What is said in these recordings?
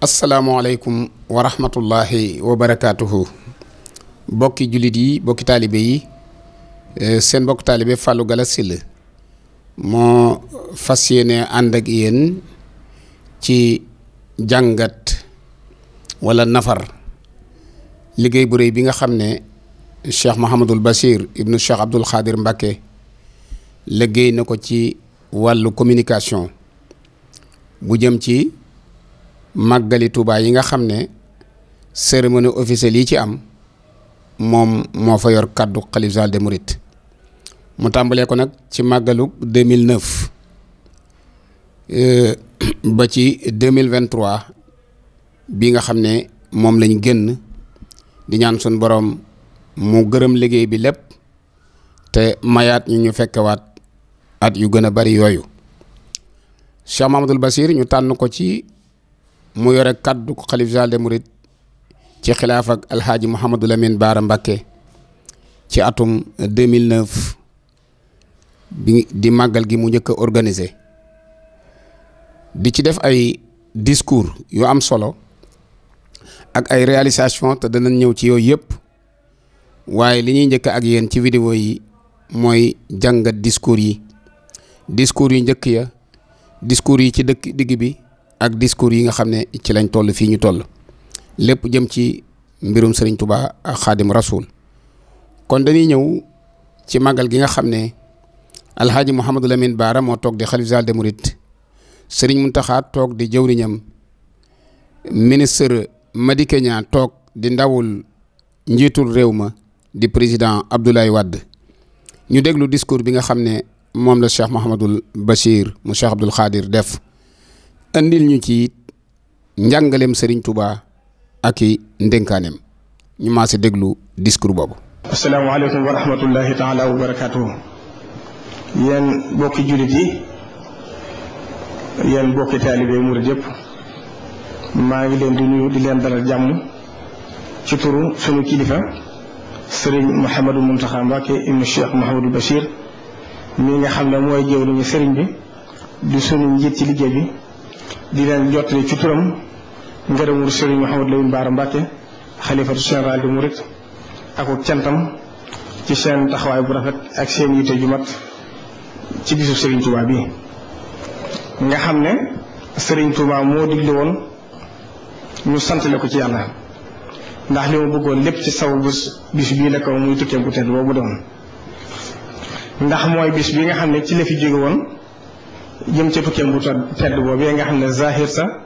asalaamualeykum wa rahmatullahi wa barakaatuhu bokki jullit yi bokki taalibe yi eh, seen bokk taalibe Fallou Galass Syll moo fas yéene àndak ak yéen ci jàngat wala nafar liggéey bu réy bi nga xam ne Cheikh Mahamadul Bachir ibnu Cheikh Abdoul Khadir Mbacké liggéey na ko ci wàllu communication bu jëm ci màggali Touba yi nga xam ne cérémonie officielle yi ci am moom moo fa yor kàddu xalif général des mourides mu tàmbalee ko nag ci màggalu 2009 euh, ba ci 2023 bi nga xam ne moom lañ génn di ñaan suñ boroom mu gërëm liggéey bi lépp te mayaat ñu ñu fekkewaat at yu gën a bari yooyu Cheikh Mamadou Bassir ñu tànn ko ci mu yore kàddu xalif général des mourides ci xilaaf ak alxaaji Mouhamadou Lamine Baara Mbacké ci atum 2009 bi di màggal gi mu njëkk a di ci def ay discours yu am solo ak ay réalisation te danañ ñëw ci yooyu yëpp waaye li ñuy njëkk ak yéen ci vidéo yi mooy jàngat discours yi discours yu njëkk ya discours yi ci dëkk digg bi ak discours yi nga xam ne ci lañ toll fii ñu toll lépp jëm ci mbirum Serigne Touba ak Xaadim Rasoul kon dañuy ñëw ci màggal gi nga xam ne Alxaaji Mouhamadou Lamine Baara moo toog di xalif général des mourides Serigne toog di jëwriñam ministre Madické Niang toog di ndawul njiitul réew ma di président Abdoulaye Wade ñu déglu discours bi nga xam ne moom la Cheikh Mouhamadul Bachir mu Cheikh Abdoul Khadir def andil ñu ci it njàngaleem Serigne Touba ak i ndénkaaneem ñu maa déglu discours boobu. asalaamaaleykum wa rahmatullahi taala wa barakaatuhu. yéen bokki jullit yi yéen bokki taalibe murid yëpp maa ngi leen di nuyu di leen dalal jàmm ci turu sunu kilifa Serigne Mouhamadou Mountakha Mbacké ibnu Cheikh Mouhamadou Bachir mi nga xam ne mooy jëwriñu Serigne bi di sunu njiit ci liggéey bi. di leen jottali ci turam ngërëmul sëriñ Mouhamadou Lamine Bara Mbacke xalifatu général di murit akuk cantam ci seen taxawaay bu rafet ak seen yitte ju mat ci bisu sëriñ Touba bi nga xam ne sëriñ Touba moo digle woon ñu santale ko ci yàlla ndax li ma bëggoon lépp ci saw bis bis bii la ko muy tukkee bu tedd boobu doon ndax mooy bis bi nga xam ne ci la fi jóge woon jëm ca tukkeem bu tedd boobee nga xam ne zahir sa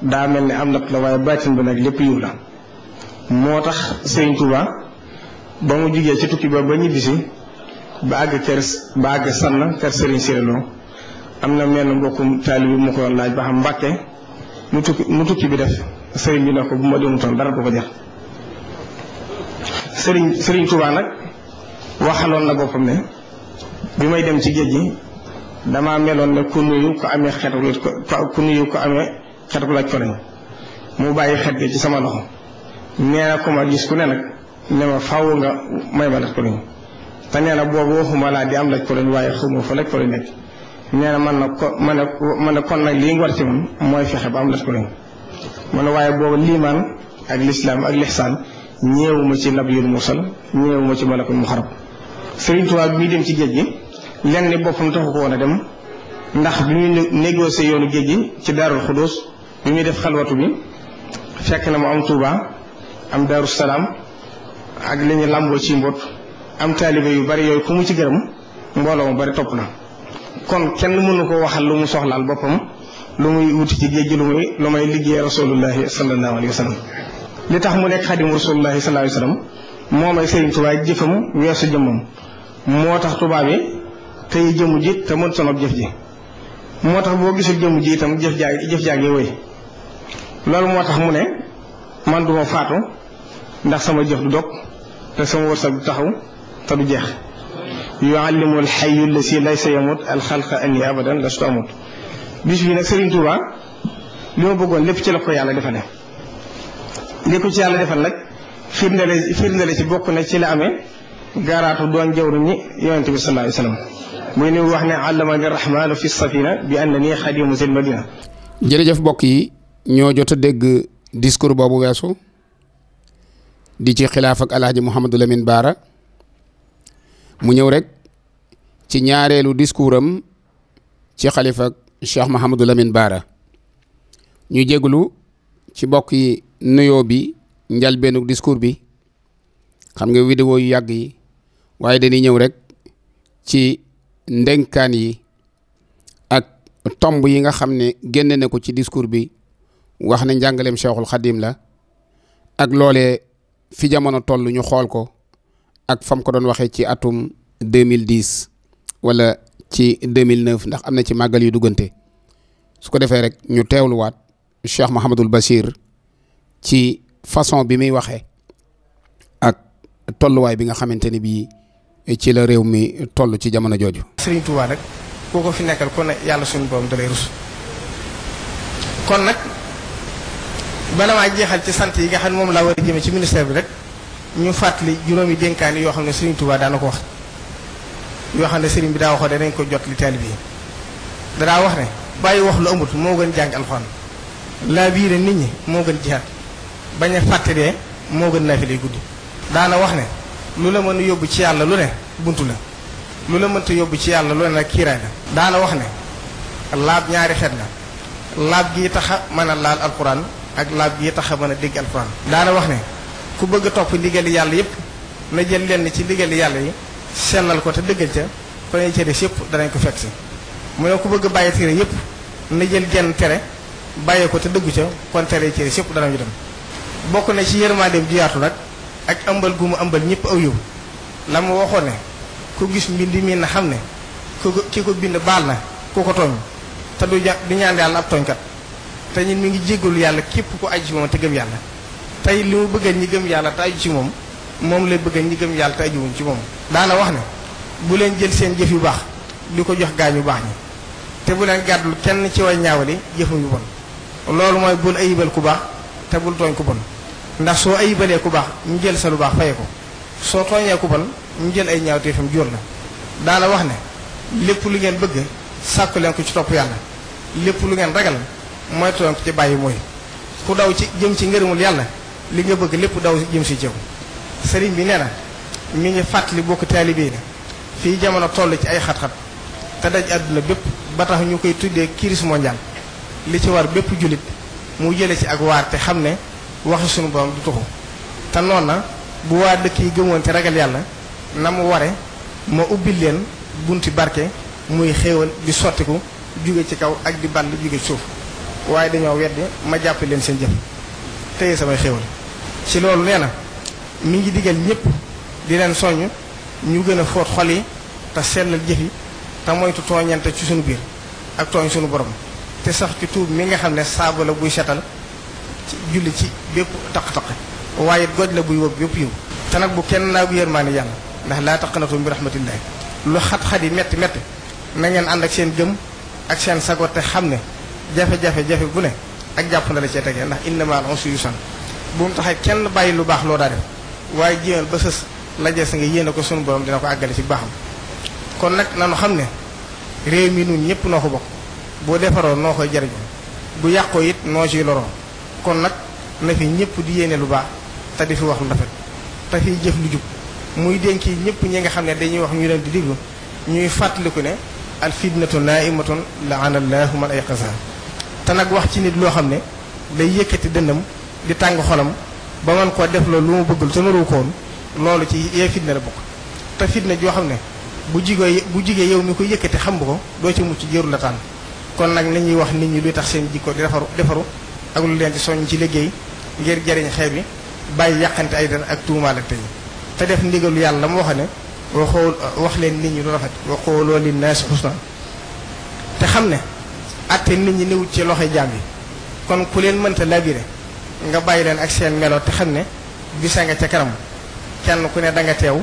daa mel ne am natt la waaye baatin ba nag lépp yiw la moo tax sëriñ Tuuba ba mu jugee ci tukki ba ba ñibbisi ba àgg kër ba àgg sann kër sëriñ am na mel mbokkum taalibi mu ko laaj ba xam mbàkke mu bi def sëriñ bi ko bu dara du ko jar sëriñ sëriñ Tuuba nag waxaloon na boppam ne bi may dem ci géej gi damaa meloon ne ku nuyu ko amee xet ku nuyu ko amee xet bu laaj ko mu bàyyi xet gi ci sama loxo nee na ku ma gis ku ne nag ne ma faaw nga may ma laaj ko te nee na boobu waxuma laa di am laaj ko nañ waaye xawma fa laaj ko nañ nekk nee man nag ko man nag man kon nag lii nga war ci moom mooy fexe ba am laaj ko nañ man waaye boobu liimaan ak lislaam ak lixsaan ñeewuma ci nabiyul mursal ñeewuma ci malakul muxarab Sëriñ Tuubaa bi dem ci géej gi. lenn ni boppam taxu ko woon a dem ndax bi muy négocier yoonu géej gi ci daarul xudus bi muy def xalwatu bi fekk na mu am tuuba am daaru salaam ak li ñu làmboo ci mbot am taalibe yu bari yooyu ku mu ci gërëm mbooloo mu bari topp la kon kenn mënu ko waxal lu mu soxlaal boppam lu muy wuti ci géej gi lu muy lu may liggéey rasulullahi sallallahu alayhi wa sallam li tax mu nekk xadim rasulullahi sallallahu alayhi wa sallam moo may sëriñ Touba jëfam weesu jëmmam moo tax Touba bi tey jëmm ji te mën sonal jëf ji moo tax boo gisul jëmu ji itam jëf jaa jëf jaa ngi wéy loolu moo tax mu ne man duma faatu ndax sama jëf du dog te sama wërsëg du taxaw te du jeex yuallimu alxayu lasi laysa yamut alxalqa anni abadan lastu amut bis bi nag Serigne Touba li ma bëggoon lépp ci la ko yàlla defal li ko ci yàlla defal nag fiir firndele si bokk na ci la amee gaaraatu doon jawru ñi yonente bi sallallahu alayhi muy ni wax ne allamani rahmaanu fi safina bi anna nii xadimu zil madina jërëjëf mbokk yi ñoo jot a dégg discours boobu weesu di ci xilaaf ak alhaji Mouhamadou Lamine Baara mu ñëw rek ci ñaareelu discours am ci xalifa ak Cheikh Mouhamadou Baara ñu jéglu ci mbokk yi nuyoo bi njalbeenu discours bi xam nga vidéo yu yàgg yi waaye dañuy ñëw rek ci ndenkaan yi ak tomb yi nga xam ne génne ne ko ci discours bi wax ne njàngaleem Cheikhul Khadim la ak loole fi jamono toll ñu xool ko ak fam ko doon waxee ci atum 2010 wala ci 2009 ndax am na ci màggal yu duggante su ko defee rek ñu teewluwaat Cheikh Mouhamadul Bachir ci façon bi muy waxee ak tolluwaay bi nga xamante ni bii. ci la réew mi toll ci jamono jooju. Serigne tuubaa nag koo ko fi nekkal kon nag yàlla suñu boom dalay rus kon nag bala maa jeexal ci sant yi nga xam ne moom laa war a jëme ci ministère bi rek ñu fàttali juróom juróomi dénkaani yoo xam ne Serigne Touba daan ko wax yoo xam ne Serigne bi daa waxoon danañ ko jot li teel bii danaa wax ne bàyyi wax lu amut moo gën jàng alxuraan laa biire nit ñi moo gën jihaat bañ a fàttalee moo gën naafile guddi daana wax lu la mën a yóbbu ci yàlla lu ne buntu la lu la mënta yóbbu ci yàlla lu ne nag kiiraay la daana wax ne laab ñaari xet la laab gi tax a mën a laal alquran ak laab gi tax a mën a dégg alquran daana wax ne ku bëgg a topp ndigali yàlla yépp na jël lenn ci ndigali yàlla yi sennal ko te dëggal ca danañ ko fekk si ku bëgg a bàyyi tere yépp na jël genn tere bàyyi ko te dëggu ca kon tere yi ca des yépp danañu dem bokk na ci yërmandeem ju yaatu nag ak ëmbal gu mu ëmbal ñëpp aw yow la mu waxoon ne ku gis mbind mi na xam ne ku ko ki ko bind baal na ku ko tooñ te du ja du ñaan yàlla ab tooñkat te ñun mi ngi jéggalu yàlla képp ku aju ci moom te gëm yàlla tey li mu bëggee ñi gëm yàlla te aju ci moom moom lay bëggee ñi gëm yàlla te ajuwuñ ci moom. daana wax ne bu leen jël seen jëf yu baax di ko jox gaañ yu baax ñi te bu leen gàddul kenn ci way ñaawali jëfam yu bon loolu mooy bul ayibal ku baax te bul tooñ bon. ndax soo ay ayibalee ku baax ñu jël sa lu baax faye ko soo tooñee ku bon ñu jël ay ñaawteefam jóor la daana wax ne lépp lu ngeen bëgg sàkku leen ko ci topp yàlla lépp lu ngeen ragal mooy tooñ ko ci bàyyi mooy ku daw ci jëm ci ngërëmul yàlla li nga bëgg lépp daw jëm si jëw sëriñ bi nee na mi ngi fàttali bokk taalibe yi fii jamono toll ci ay xat-xat te daj àdduna bépp ba tax ñu koy tuddee crise mondiale li ci war bépp jullit mu jële ci ak waar te xam ne waxi sunu borom du tuxu te noonu na bu waa dëkk yi gëmoon te ragal yàlla na mu ware ma ubbil leen bunti barke muy xéewal di sottiku jóge ci kaw ak di ball jóge ci suuf waaye dañoo weddi ma jàpp leen seen jëf téye samay xéewal ci loolu nee na mi ngi digal ñëpp di leen soññ ñu gën a fóot xol yi te sellal jëf yi te moytu tooñante ci sunu biir ak tooñ sunu borom te sax ci tuub mi nga xam ne saabu la buy setal ci julli ci bépp taq-taq waaye goj la buy wob bépp yiw te bu kenn naa naagu yërmaane yàlla ndax laa taqnatu bi rahmatillahi lu xat-xat yi metti métti na ngeen ànd ak seen gëm ak seen sago te xam ne jafe-jafe jafe bu ne ak jàpp na la cee tegee ndax innama al usri yusran bu mu taxee kenn bàyyi lu baax loo daa def waaye jéemal ba sës la jees nga yéene ko sunu borom dina ko àggale ci baaxam kon nag nanu xam ne réew mi nun ñëpp noo ko bokk boo defaroo noo koy jariñoo bu yàqoo it noo ciy kon nag na fi ñëpp di yéene lu baax te di fi wax lu rafet te fiy jëf lu jub muy dénk ñëpp ñi nga xam ne dañuy wax ñu leen di déglu ñuy fàttaliku ne al fitnatu naimatun laana allahu man ayqaza te nag wax ci nit loo xam ne day yëkkati dëndam di tàng xolam ba man koo def loolu lu mu bëggul te naru ko woon loolu ci yee fitna la bokk te fitna joo xam ne bu jigee bu jigee yow mi ko yëkkati xam nga ko doo ci mucc jëru la tànn kon nag nañuy wax nit ñi luy tax seen jikko di defaru defaru ak lu leen di soññ ci liggéey ngir jariñ xeet bi bàyyi yàqante ay dara ak tuumaalante yi te def ndigalu yàlla mu wax ne waxoo wax leen nit ñi lu rafet waxoo loolu li naas xusna te xam ne atte nit ñi newut ci loxo jaam yi kon ku leen mënta labiré nga bàyyi leen ak seen melo te xam ne bisa nga ca kanam kenn ku ne da nga teew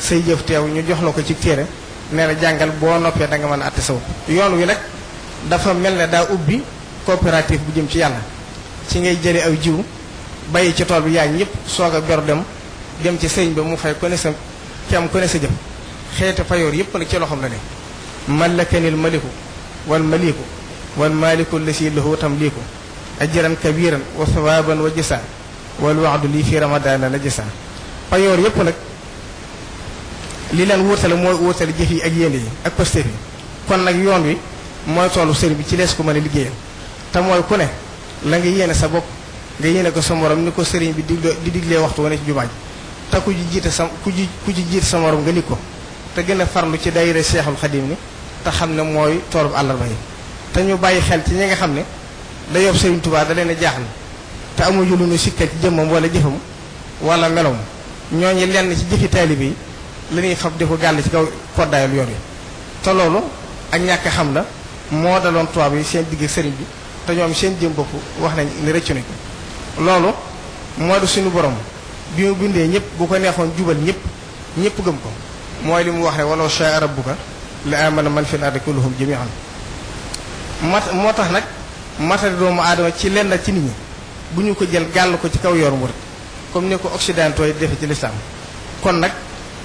say jëf teew ñu jox la ko ci téere ne la jàngal boo noppee da nga mën a atte saw yoon wi nag dafa mel ne daa ubbi coopérative bu jëm ci yàlla ci ngay jële aw jiw bàyyi ci tool bi yaa ñëpp soog a gor dem dem ci sëñ ba mu fay ku ne sa kem ku sa jëm xeeti fayoor yëpp nag ci loxoom la ne mallakanil maliku wal maliku wal maliku lasi lahu tamliku ajran kabiran wa sawaban wa jasa wal waxdu lii fi ramadana la jasa fayoor yëpp nag li leen wuutale mooy wuutale jëf yi ak yéene yi ak posté yi kon nag yoon wi mooy toolu sëriñ bi ci lees ko mën a liggéeyal te mooy ku ne la nga yéene sa bopp nga yéene ko sa morom ni ko sëriñ bi digloo di diglee waxtu wane ci jumaa ji te ku ci jiite sa ku ci ku ci jiite sa morom nga lig ko te gën a farlu ci daayira Seexul Xadim ni te xam ne mooy toolub àllarba yi te ñu bàyyi xel ci ñi nga xam ne da yob Sëriñ Tuubaa da leen a jaaxal te amuñu lu ñu sikkal ci jëmmam wala jëfam wala ñoo ñooñu lenn ci jëfi taalibe yi la ñuy fab di ko gàll ci kaw koddaayal yoon yi te loolu ak ñàkk xam la moo daloon tubaab yi seen digg sëriñ bi te ñoom seen jëm bopp wax nañ ni rëccu nañ ko loolu moo di suñu borom bi mu bindee ñëpp bu ko neexoon jubal ñëpp ñëpp gëm ko mooy li mu wax ne walaw shaa rabbuka la amana man fil ardi kulluhum jami'an mat moo tax nag matari doomu aadama ci lenn ci nit ñi bu ñu ko jël gàll ko ci kaw yoonu murit comme ni ko occidentaux yi defe ci lislaam kon nag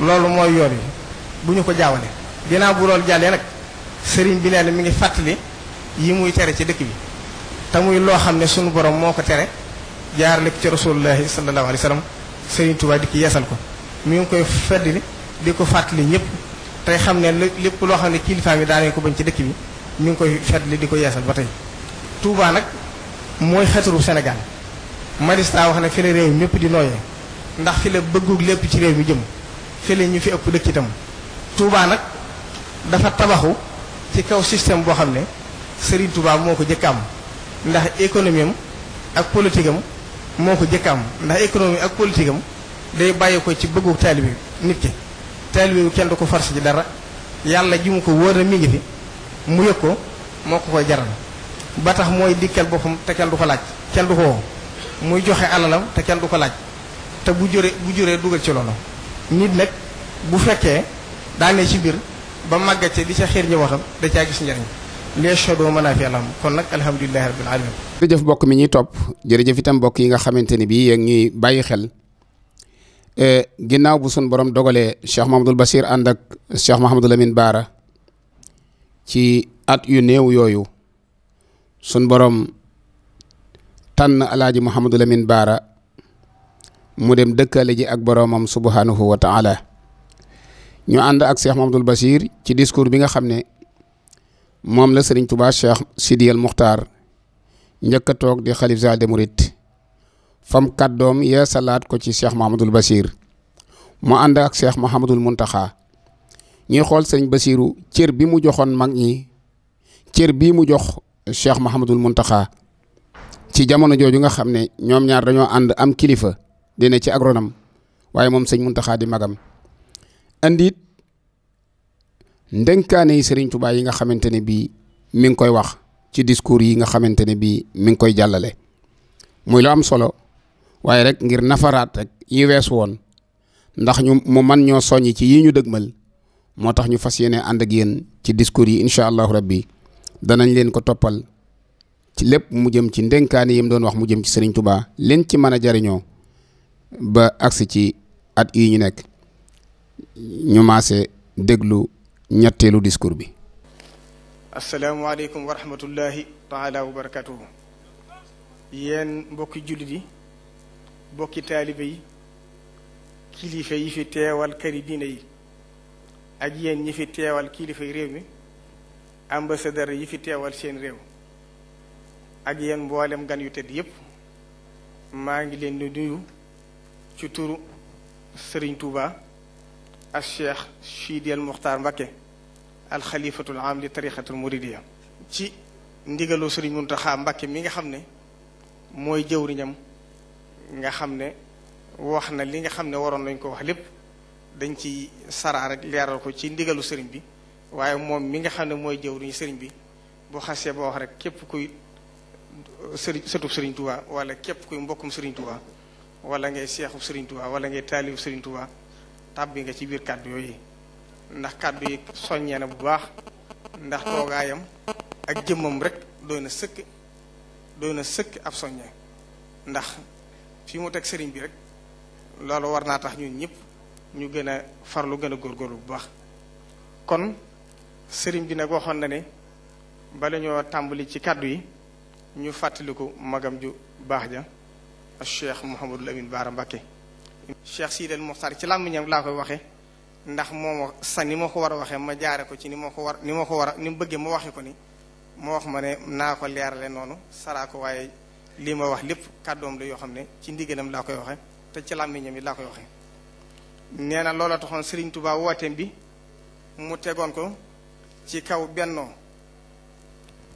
loolu mooy yoon yi bu ñu ko jaawale ginnaaw bu loolu jàllee nag sëriñ bi nee na mi ngi fàttali yi muy tere ci dëkk bi te muy loo xam ne sunu borom moo ko tere jaarale ko ci rasulullahi sallallahu alayhi wa sallam Sëriñ Tuubaa di ki yeesal ko mi ngi koy fedd di ko fàttali ñëpp tey xam ne lépp loo xam ne kilifa mi daanee ko bañ ci dëkk bi ñu ngi koy fedd di ko yeesal ba tey Touba nag mooy xetaru Sénégal Marista wax ne fi la réew mépp di nooyee ndax fi la bëggug lépp ci réew mi jëm fi la ñu fi ëpp dëkk itam Touba nag dafa tabaxu ci kaw système boo xam ne Serigne Touba moo ko jëkk am ndax économie am ak politique moo ko jëkk am ndax économie ak politikam am day bàyyi ko ci bëggu taalibe bi nit ki taalibe bi kenn du ko force ci dara yàlla ji mu ko wóor na mi fi mu yëg ko moo ko koy jaral ba tax mooy dikkal boppam te kenn du ko laaj kenn du ko woo muy joxe alalam te kenn du ko laaj te bu jure bu juree dugal ci loolu nit nag bu fekkee daanee ci biir ba màggat ci di ca xiir njabootam da caa gis njariñ les chaudons mën a fi am kon nag alhamdulilah rabbil alamin. jëf mbokk mi ñuy topp jërëjëf itam mbokk yi nga xamante ni bii yéen ngi bàyyi xel eh, ginnaaw bu sun borom dogalee Cheikh Mahamadul Bachir ànd ak Cheikh Mahamadul Amin Baara ci at yu néew yooyu sun borom tànn alaaji Mahamadul Amin Baara mu dem dëkkale ji ak boromam subhanahu wa ta'ala ñu discours bi nga xam ne. moom la sëriñ Touba Cheikh Sidiyal Muxtaar njëkk a toog di xalif zaal de murit fam kàddoom yee salaat ko ci Cheikh Mahamadul Bachir mu ànd ak Cheikh Mahamadul Muntaxa ñuy xool sëriñ Bachiru cër bi mu joxoon mag ñi cër bi mu jox Cheikh Mahamadul Muntaxa ci jamono jooju nga xam ne ñoom ñaar dañoo ànd am kilifa dina ci agronam waaye moom sëñ Muntaxa di magam andit ndenkaane yi Serigne Touba yi nga xamante ne bii mi ngi koy wax ci discours yi nga xamante ne bii mi ngi koy jàllale muy lu am solo waaye rek ngir nafaraat rek yi wees woon ndax ñu mu man ñoo soññ ci yi ñu dëgmal moo tax ñu fas yéene ànd ak yéen ci discours yi incha allahu rabbi danañ leen ko toppal ci lépp mu jëm ci ndenkaane yi mu doon wax mu jëm ci Serigne Touba leen ci mën a jariñoo ba agsi ci at yi ñu nekk ñu maase déglu. ñetteelu discours bi asalaamaaleykum wa rahmatullahi taala wa barakatuhu yéen mbokki jullit yi mbokki taalibe yi kilifa yi fi teewal këri diine yi ak yéen ñi fi teewal kilifa yi réew mi ambassadeur yi fi teewal seen réew ak yéen mboolem gan yu tedd yépp maa ngi leen di nuyu ci turu Serigne Touba ak Cheikh Sidi El Mokhtar Mbacké alxalifatul am li tariqatul muridiya ci ndigalu sëriñ Muntaxa mbakke mi nga xam ne mooy jëwriñam nga xam ne wax na li nga xam ne waroon nañ ko wax lépp dañ ci saraa rek leeral ko ci ndigalu sëriñ bi waaye moom mi nga xam ne mooy jëwriñu sëriñ bi bu xasee ba wax rek képp kuy sëriñ sëtub sëriñ Tuubaa wala képp kuy mbokkum sëriñ Tuubaa wala ngay seexub sëriñ Tuubaa wala ngay taalib sëriñ Tuubaa tàbbi nga ci biir kàddu yooyu ndax kàddu yi soññee na bu baax ndax toogaayam ak jëmmam rek doy na sëkk doy na sëkk ab soññee ndax fi mu teg sëriñ bi rek loolu war naa tax ñun ñépp ñu gën a farlu gën a góor bu baax kon sëriñ bi nag waxoon na ne bala ñoo tàmbali ci kàddu yi ñu fàttaliku magam ju baax ja ak cheikh Mouhamadul Amin Baara Mbakke cheikh Sidel Moxtar ci làmmiñam laa koy waxe ndax moom sa ni ma ko war a waxee ma jaare ko ci ni ma ko war ni ma ko war a ni bëggee ma waxe ko ni ma wax ma ne naa ko leerale noonu saraa ko waaye lii ma wax lépp kàddoom la yoo xam ne ci ndigalam laa koy waxe te ci làmmiñam yi laa koy waxe nee na toxoon taxoon Serigne Touba wooteem bi mu tegoon ko ci kaw bennoo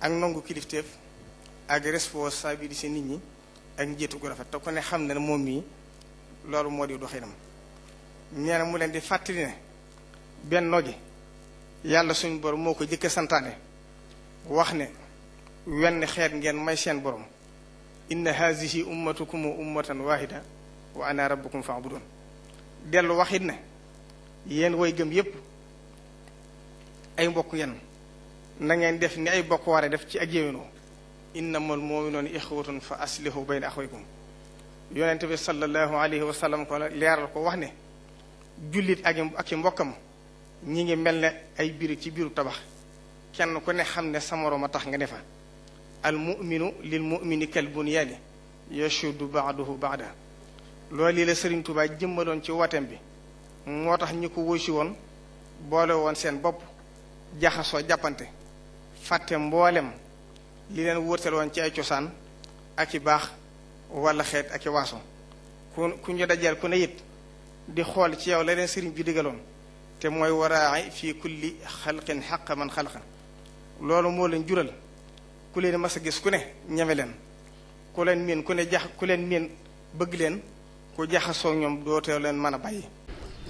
ak nangu kilifteef ak responsabilité nit ñi ak njiitu gu rafet te ku ne xam ne moom mii loolu moo di doxinam nee na mu leen di fàttali ne bennoo gi yàlla suñu borom moo ko jëkk santaane wax ne wenn xeet ngeen may seen borom inna hazihi ummatukum ummatan wahida wa ana rabbukum fa'budun dellu waxit ne yéen way gëm yépp ay mbokk yenn na ngeen def ni ay bokk ware def ci ak yéwénoo innamal mu'minuna ixwatun fa aslihu bayna axwaykum yonente bi sallallahu alayhi wa sallam ko leeral ko wax ne jullit ak ak i mbokkam ñi ngi mel na ay biir ci biiru tabax kenn ku ne xam ne sa a tax nga ne fa al muminu lil mumini baax bunyaani yashudu baax baada lool lii la Sëriñ Tuubaa jëmmaloon ci watem bi moo tax ñi ko woysi woon boole woon seen bopp jaxasoo jàppante fàtte mboolem li leen wërtal woon ci ay cosaan ak i baax walla xeet ak i waaso ku ku ñu dajal ku ne it di xool ci yow leneen sëriñ bi digaloon te mooy waraay fii kulli xalqin xaqa man xalqa loolu moo leen jural ku leen mas a gis ku ne ñeme leen ku leen meen ku ne jax ku leen miin bëgg leen ku jaxasoo ñoom dootoo leen man a bàyyi.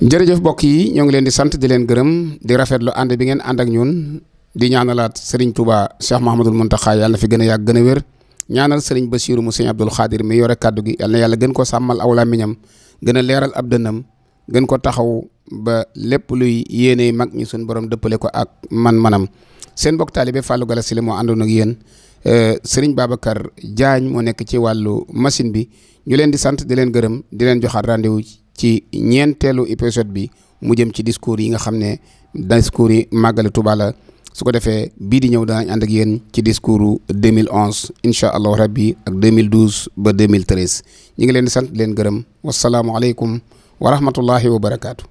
jërëjëf mbokk yi ñoo ngi leen di sant di leen gërëm di rafetlu ànd bi ngeen àndak ak ñun di ñaanalaat sëriñ Touba Cheikh Mahamadul Muntaxa yàlla na fi gën a yàgg gën a wér ñaanal sëriñ Basiiru mu sëriñ Abdul Xaadir mi yore kàddu gi yàlla yàlla gën sàmmal aw làmmiñam gën a leeral ab dënnam gën ko taxaw ba lépp luy yéene mag ñi suñ borom dëppale ko ak man-manam seen mbokk taalibe Fallou Galass Syll moo àndoon ak yéen baaba euh, Babacar jaañ moo nekk ci wàllu machine bi ñu leen di sant di leen gërëm di leen joxaat rendez-vous ci ñeenteelu épisode bi mu jëm ci discours yi nga xam ne discours yi màggali tubaala su ko defee bii di ñëw danañ ànd ak yéen ci discours 2011 incha allahu rabbi ak 2012 ba 2013. ñu ngi leen di sant leen gërëm wasalaamualeykum wa rahmatullahi wa barakaatu.